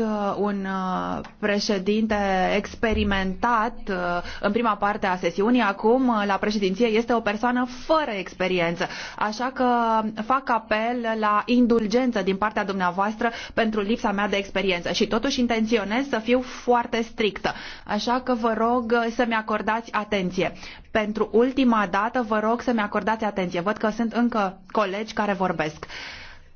Uh, un uh, președinte experimentat uh, în prima parte a sesiunii, acum la președinție este o persoană fără experiență. Așa că fac apel la indulgență din partea dumneavoastră pentru lipsa mea de experiență și totuși intenționez să fiu foarte strictă. Așa că vă rog să-mi acordați atenție. Pentru ultima dată vă rog să-mi acordați atenție. Văd că sunt încă colegi care vorbesc.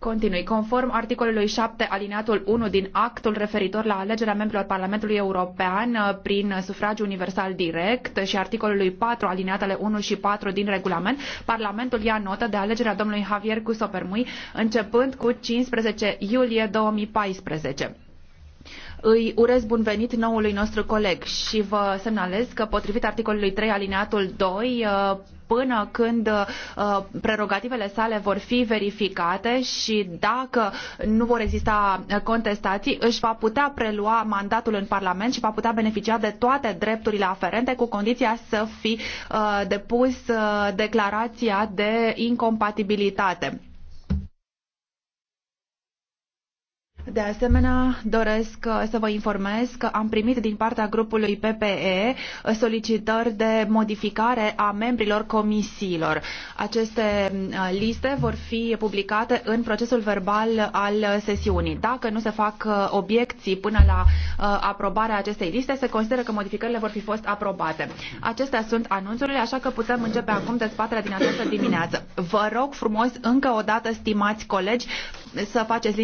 Continui. Conform articolului 7 alineatul 1 din actul referitor la alegerea membrilor Parlamentului European uh, prin sufragiu universal direct și articolului 4 alineatele 1 și 4 din regulament, Parlamentul ia notă de alegerea domnului Javier Cusopermui începând cu 15 iulie 2014. Îi urez bun venit noului nostru coleg și vă semnalez că potrivit articolului 3 alineatul 2 uh, până când uh, prerogativele sale vor fi verificate și dacă nu vor exista contestații, își va putea prelua mandatul în Parlament și va putea beneficia de toate drepturile aferente cu condiția să fi uh, depus declarația de incompatibilitate De asemenea, doresc uh, să vă informez că am primit din partea grupului PPE uh, solicitări de modificare a membrilor comisiilor. Aceste uh, liste vor fi publicate în procesul verbal al sesiunii. Dacă nu se fac obiecții până la aprobarea acestei liste, se consideră că modificările vor fi fost aprobate. Acestea sunt anunțurile, așa că putem începe acum dezbaterea din această dimineață. Vă rog frumos încă o dată, stimați colegi, să faceți